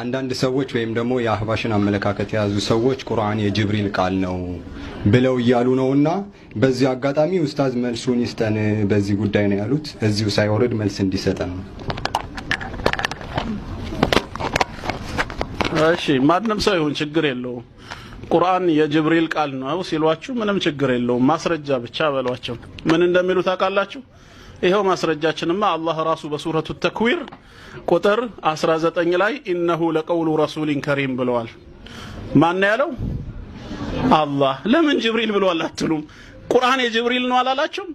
አንዳንድ ሰዎች ወይም ደግሞ የአህባሽን አመለካከት የያዙ ሰዎች ቁርአን የጅብሪል ቃል ነው ብለው እያሉ ነውና በዚህ አጋጣሚ ኡስታዝ መልሱን ይስጠን። በዚህ ጉዳይ ነው ያሉት። እዚሁ ሳይወርድ መልስ እንዲሰጠን ነው። እሺ፣ ማንም ሰው ይሁን ችግር የለውም። ቁርአን የጅብሪል ቃል ነው ሲሏችሁ ምንም ችግር የለውም። ማስረጃ ብቻ በሏቸው። ምን እንደሚሉ ታውቃላችሁ? ይኸው ማስረጃችንማ አላህ ራሱ በሱረቱ ተክዊር ቁጥር 19 ላይ ኢነሁ ለቀውሉ ረሱሊን ከሪም ብለዋል። ማን ያለው? አላህ። ለምን ጅብሪል ብለዋል አትሉም? ቁርአን የጅብሪል ነው አላላችሁም?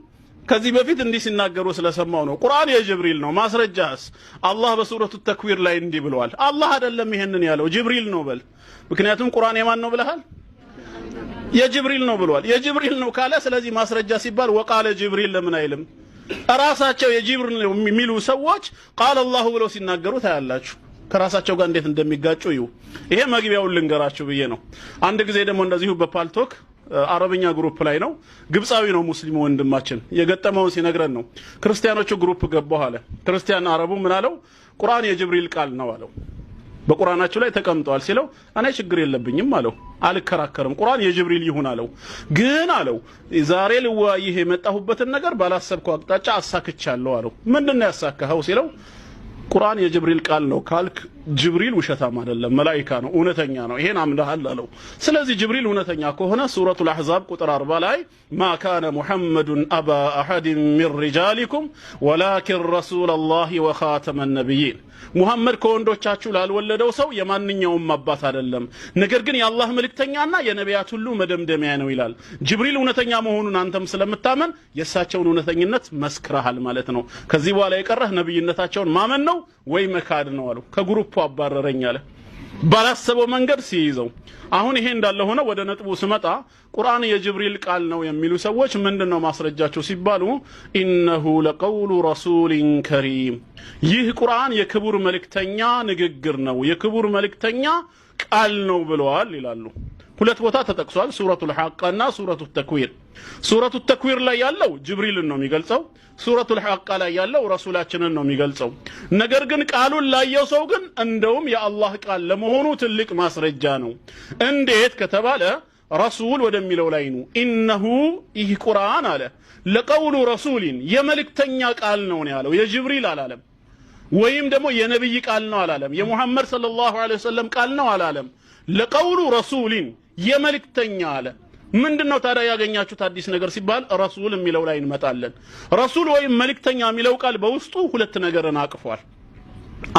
ከዚህ በፊት እንዲህ ሲናገሩ ስለሰማው ነው። ቁርአን የጅብሪል ነው። ማስረጃስ? አላህ በሱረቱ ተክዊር ላይ እንዲህ ብለዋል። አላህ አይደለም ይሄንን ያለው ጅብሪል ነው በል። ምክንያቱም ቁርአን የማን ነው ብለሃል? የጅብሪል ነው ብለዋል። የጅብሪል ነው ካለ ስለዚህ ማስረጃ ሲባል ወቃለ ጅብሪል ለምን አይልም? ራሳቸው የጅብር የሚሉ ሰዎች ቃል አላሁ ብለው ሲናገሩ ታያላችሁ። ከራሳቸው ጋር እንዴት እንደሚጋጩ እዩ። ይሄ መግቢያውን ልንገራችሁ ብዬ ነው። አንድ ጊዜ ደግሞ እንደዚሁ በፓልቶክ አረብኛ ግሩፕ ላይ ነው። ግብፃዊ ነው ሙስሊሙ ወንድማችን የገጠመውን ሲነግረን ነው። ክርስቲያኖቹ ግሩፕ ገባሁ አለ። ክርስቲያን አረቡ ምን አለው? ቁርአን የጅብሪል ቃል ነው አለው። በቁርአናችሁ ላይ ተቀምጧል ሲለው እኔ ችግር የለብኝም አለው። አልከራከርም፣ ቁርአን የጅብሪል ይሁን አለው። ግን አለው ዛሬ ልወያይህ የመጣሁበትን ነገር ባላሰብከው አቅጣጫ አሳክቻለሁ አለው። ምንድን ነው ያሳካኸው ሲለው ቁርአን የጅብሪል ቃል ነው ካልክ ጅብሪል ውሸታም አይደለም፣ መላኢካ ነው፣ እውነተኛ ነው። ይሄን አምልሃል አለው። ስለዚህ ጅብሪል እውነተኛ ከሆነ ሱረቱ አሕዛብ ቁጥር አርባ ላይ ማ ካነ ሙሐመዱን አባ አሐድን ሚን ሪጃሊኩም ወላኪን ረሱለላሂ ወኻተመ ነቢይን፣ ሙሐመድ ከወንዶቻችሁ ላልወለደው ሰው የማንኛውም አባት አይደለም፣ ነገር ግን የአላህ መልእክተኛና የነቢያት ሁሉ መደምደሚያ ነው ይላል። ጅብሪል እውነተኛ መሆኑን አንተም ስለምታመን የእሳቸውን እውነተኝነት መስክረሃል ማለት ነው። ከዚህ በኋላ የቀረህ ነቢይነታቸውን ማመን ነው። ወይ መካድ ነው አለው። ከግሩፕ አባረረኝ አለ። ባላሰበው መንገድ ሲይዘው አሁን ይሄ እንዳለ ሆነ ወደ ነጥቡ ስመጣ ቁርአን የጅብሪል ቃል ነው የሚሉ ሰዎች ምንድነው ማስረጃቸው ሲባሉ ኢነሁ ለቀውሉ ረሱሊን ከሪም ይህ ቁርአን የክቡር መልእክተኛ ንግግር ነው የክቡር መልእክተኛ ቃል ነው ብለዋል ይላሉ ሁለት ቦታ ተጠቅሷል። ሱረቱ ልሐቃ እና ሱረቱ ተክዊር። ሱረቱ ተክዊር ላይ ያለው ጅብሪልን ነው የሚገልጸው። ሱረቱ ልሐቃ ላይ ያለው ረሱላችንን ነው የሚገልጸው። ነገር ግን ቃሉን ላየው ሰው ግን እንደውም የአላህ ቃል ለመሆኑ ትልቅ ማስረጃ ነው። እንዴት ከተባለ ረሱል ወደሚለው ላይ ነው። ኢነሁ ይህ ቁርአን አለ ለቀውሉ ረሱሊን የመልእክተኛ ቃል ነው ያለው፣ የጅብሪል አላለም። ወይም ደግሞ የነቢይ ቃል ነው አላለም። የሙሐመድ ሰለላሁ ዐለይሂ ወሰለም ቃል ነው አላለም። ለቀውሉ ረሱሊን የመልእክተኛ አለ። ምንድን ነው ታዲያ ያገኛችሁት አዲስ ነገር ሲባል ረሱል የሚለው ላይ እንመጣለን። ረሱል ወይም መልእክተኛ የሚለው ቃል በውስጡ ሁለት ነገርን አቅፏል።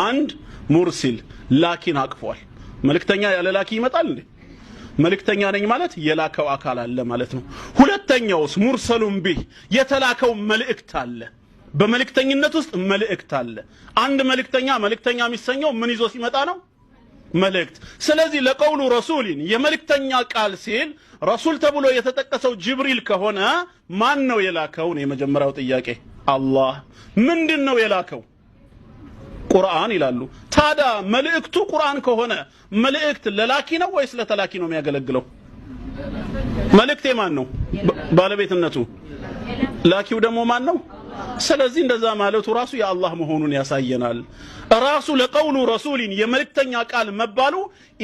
አንድ ሙርሲል ላኪን አቅፏል። መልእክተኛ ያለ ላኪ ይመጣል እንዴ? መልእክተኛ ነኝ ማለት የላከው አካል አለ ማለት ነው። ሁለተኛውስ ሙርሰሉን ቢህ የተላከው መልእክት አለ። በመልእክተኝነት ውስጥ መልእክት አለ። አንድ መልእክተኛ መልእክተኛ የሚሰኘው ምን ይዞ ሲመጣ ነው? መልእክት። ስለዚህ ለቀውሉ ረሱሊን የመልእክተኛ ቃል ሲል ረሱል ተብሎ የተጠቀሰው ጅብሪል ከሆነ ማን ነው የላከው የመጀመሪያው ጥያቄ። አላህ። ምንድን ነው የላከው? ቁርአን ይላሉ። ታዲያ መልእክቱ ቁርአን ከሆነ መልእክት ለላኪ ነው ወይስ ለተላኪ ነው የሚያገለግለው? መልእክት የማን ነው? ባለቤትነቱ ላኪው ደግሞ ማን ነው? ስለዚህ እንደዛ ማለቱ ራሱ የአላህ መሆኑን ያሳየናል። ራሱ ለቀውሉ ረሱሊን የመልእክተኛ ቃል መባሉ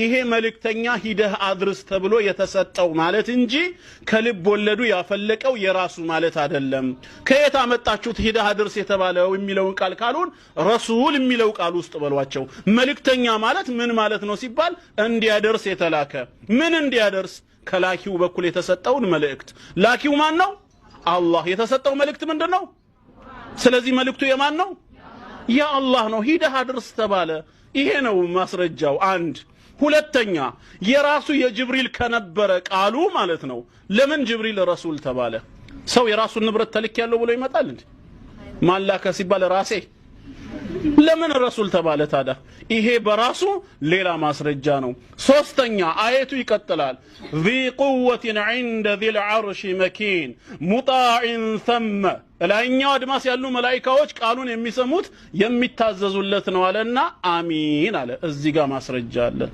ይሄ መልእክተኛ ሂደህ አድርስ ተብሎ የተሰጠው ማለት እንጂ ከልብ ወለዱ ያፈለቀው የራሱ ማለት አይደለም። ከየት አመጣችሁት ሂደህ አድርስ የተባለው የሚለውን ቃል ካልሆን ረሱል የሚለው ቃል ውስጥ በሏቸው። መልእክተኛ ማለት ምን ማለት ነው ሲባል እንዲያደርስ የተላከ ምን እንዲያደርስ ከላኪው በኩል የተሰጠውን መልእክት። ላኪው ማን ነው? አላህ። የተሰጠው መልእክት ምንድን ነው? ስለዚህ መልእክቱ የማን ነው? የአላህ ነው። ሂደህ አድርስ ተባለ። ይሄ ነው ማስረጃው። አንድ ሁለተኛ የራሱ የጅብሪል ከነበረ ቃሉ ማለት ነው። ለምን ጅብሪል ረሱል ተባለ? ሰው የራሱን ንብረት ተልክ ያለው ብሎ ይመጣል እንዴ? ማላከ ሲባል ራሴ ለምን ረሱል ተባለ ታዲያ? ይሄ በራሱ ሌላ ማስረጃ ነው። ሶስተኛ አየቱ ይቀጥላል። ذي قوة عند ذي العرش መኪን مطاع ሰመ? እላይኛው አድማስ ያሉ መላይካዎች ቃሉን የሚሰሙት የሚታዘዙለት ነው አለና አሚን አለ። እዚህ ጋር ማስረጃ አለን።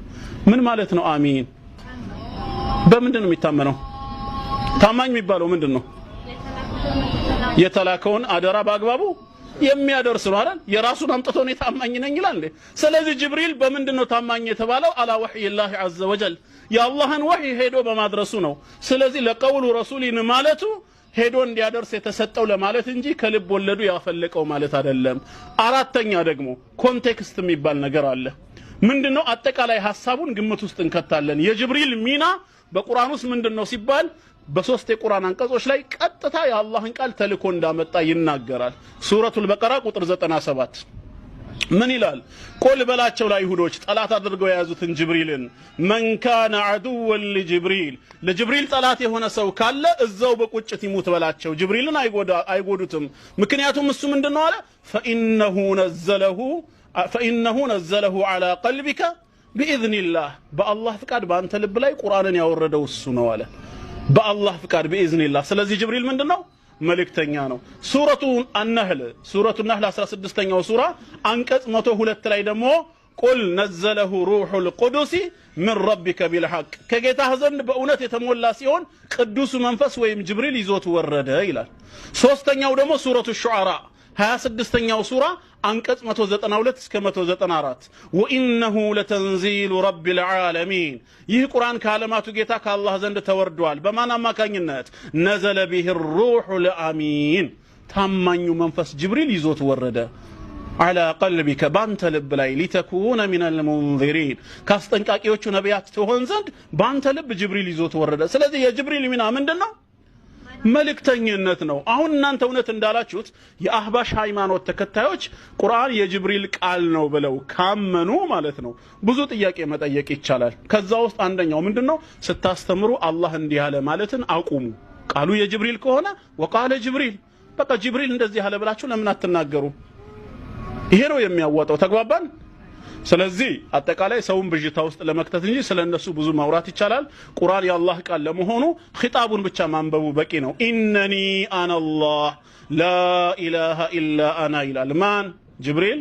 ምን ማለት ነው አሚን? በምንድን ነው የሚታመነው? ታማኝ የሚባለው ምንድን ነው? የተላከውን አደራ በአግባቡ የሚያደርስ ነው አይደል? የራሱን አምጥቶ እኔ ታማኝ ነኝ ይላል እንዴ? ስለዚህ ጅብሪል በምንድን ነው ታማኝ የተባለው? አላ ወህይላህ ዐዘ ወጀል የአላህን ወህይ ሄዶ በማድረሱ ነው። ስለዚህ ለቀውሉ ረሱሊን ማለቱ ሄዶ እንዲያደርስ የተሰጠው ለማለት እንጂ ከልብ ወለዱ ያፈለቀው ማለት አይደለም። አራተኛ ደግሞ ኮንቴክስት የሚባል ነገር አለ። ምንድነው? አጠቃላይ ሀሳቡን ግምት ውስጥ እንከታለን። የጅብሪል ሚና በቁርአን ውስጥ ምንድነው ሲባል በሶስት የቁርአን አንቀጾች ላይ ቀጥታ የአላህን ቃል ተልኮ እንዳመጣ ይናገራል። ሱረቱል በቀራ ቁጥር 97 من يلال كل بلاتشو لا يهودوش تلاتة درقوا يا زوتن جبريلين من كان عدوا لجبريل لجبريل تلاتة هنا سو كالا الزوبة كوتشة تموت بلاتشو جبريلين ايقودوتم مكن ياتهم السو من دنوالا فإنه نزله فإنه نزله على قلبك بإذن الله بأ الله فكاد بأنت لبلاي قرآن يا وردو السو نوالا بأ الله فكاد بإذن الله سلزي جبريل من دنوالا ملك تنيانو سورة النهل سورة النهل أسرى سدستانيا سورة أنكس متوه لتلايد مو قل نزله روح القدس من ربك بالحق كجيت هزن بأونات يتمول لاسيون قدوس منفس ويم جبريل يزوت ورده إلى سوستانيا سورة الشعراء ها سدستانيا وسورة أنكت متوزتنا ولت سكمت وزتنا رات وإنه لتنزيل رب العالمين يه قرآن كلماته جتاك الله زند توردوال بما نما كينات نزل به الروح الأمين لآمين تمن فس جبريل يزوت ورده على قلبك بانت لبلاي لتكون من المنذرين كاستنكاك يوچو نبيات توهنزند بانت لب جبريل يزوت ورده سلذي يا جبريل من آمن دلنا መልእክተኝነት ነው። አሁን እናንተ እውነት እንዳላችሁት የአህባሽ ሃይማኖት ተከታዮች ቁርአን የጅብሪል ቃል ነው ብለው ካመኑ ማለት ነው ብዙ ጥያቄ መጠየቅ ይቻላል። ከዛ ውስጥ አንደኛው ምንድን ነው? ስታስተምሩ አላህ እንዲህ ማለትን አቁሙ። ቃሉ የጅብሪል ከሆነ ወቃለ ጅብሪል፣ በቃ ጅብሪል እንደዚህ ያለ ብላችሁ ለምን አትናገሩ? ይሄ ነው የሚያወጣው። ተግባባን? سلزي أتكالي سوون بجي تاوست لمكتتنجي سلن نسو بزو موراتي چلال قرآن يا الله قال لمهونو خطابون بچا مانبو بكينو إنني أنا الله لا إله إلا أنا إلى المان جبريل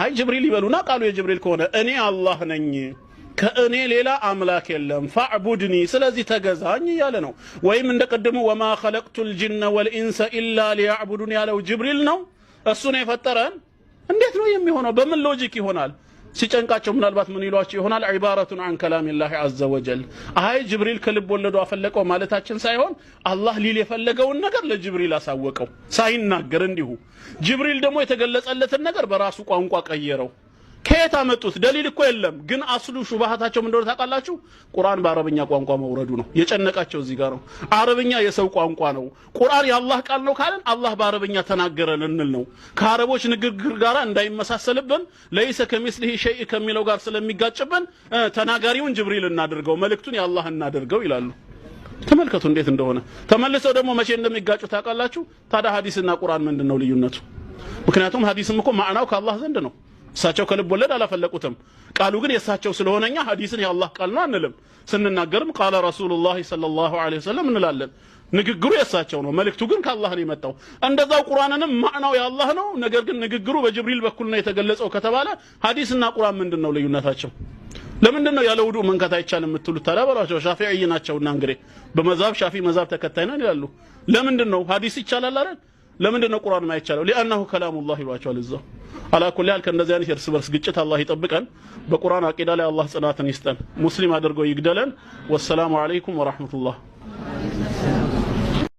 هاي جبريل يبلونا قالوا يا جبريل كونه أني الله نني كأني ليلا أملاك اللهم فاعبدني سلزي تقزاني يا لنو ويمن دقدمو وما خلقت الجن والإنس إلا ليعبدوني على جبريل نو السنة فترن እንዴት ነው የሚሆነው? በምን ሎጂክ ይሆናል? ሲጨንቃቸው ምናልባት ምን ይሏቸው ይሆናል? ዒባረቱን አን ከላሚላሂ አዘ ወጀል። አይ ጅብሪል ከልብ ወለዶ አፈለቀው ማለታችን ሳይሆን አላህ ሊል የፈለገውን ነገር ለጅብሪል አሳወቀው ሳይናገር እንዲሁ። ጅብሪል ደግሞ የተገለጸለትን ነገር በራሱ ቋንቋ ቀየረው። ከየት አመጡት? ደሊል እኮ የለም። ግን አስሉ ሹባሃታቸው ምን እንደሆነ ታውቃላችሁ? ቁርአን በአረብኛ ቋንቋ መውረዱ ነው የጨነቃቸው። እዚህ ጋር ነው። አረብኛ የሰው ቋንቋ ነው። ቁርአን የአላህ ቃል ነው ካለን አላህ በአረብኛ ተናገረን እንል ነው። ከአረቦች ንግግር ጋር እንዳይመሳሰልብን ለይሰ ከሚስሊሂ ሸይ ከሚለው ጋር ስለሚጋጭብን ተናጋሪውን ጅብሪል እናደርገው መልእክቱን የአላህ እናደርገው ይላሉ። ተመልከቱ እንዴት እንደሆነ። ተመልሰው ደግሞ መቼ እንደሚጋጩ ታውቃላችሁ? ታዲያ ሀዲስና ቁርአን ምንድን ነው ልዩነቱ? ምክንያቱም ሀዲስም እኮ ማዕናው ከአላህ ዘንድ ነው። እሳቸው ከልብ ወለድ አላፈለቁትም። ቃሉ ግን የእሳቸው ስለሆነኛ ሐዲስን የአላህ ቃል ነው አንልም። ስንናገርም ቃለ ረሱሉላሂ ሰለላሁ ዐለይሂ ወሰለም እንላለን። ንግግሩ የእሳቸው ነው፣ መልእክቱ ግን ከአላህ ነው የመጣው። እንደዛው ቁርአንንም ማዕናው የአላህ ነው፣ ነገር ግን ንግግሩ በጅብሪል በኩል ነው የተገለጸው ከተባለ ሐዲስና ቁርአን ምንድን ነው ልዩነታቸው? ለምንድን ነው ያለ ውዱእ መንካት አይቻልም የምትሉት? ታዲያ በሏቸው። ሻፊዒይ ናቸውና እንግዲህ በመዛብ ሻፊ መዛብ ተከታይ ነን ይላሉ። ለምንድን ነው ሐዲስ ይቻላል አይደል? ለምንድን ነው ቁርአን ማይቻለው ሊአናሁ ከላሙላህ ይሏቸዋል እዛው አላኩል ያህል ከእንደዚህ አይነት የእርስ በርስ ግጭት አላህ ይጠብቀን በቁርአን አቂዳ ላይ አላህ ጽናትን ይስጠን ሙስሊም አድርጎ ይግደለን ወሰላሙ አለይኩም ወራህመቱላህ